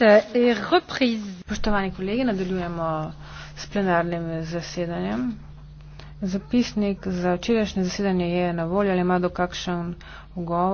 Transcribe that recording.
Sednica eh, je reprise. Poštovani kolegi, nadaljujemo s plenarnim zasedanjem. Zapisnik za včerajšnje zasedanje je na voljo ali ima do kakšen ugovor?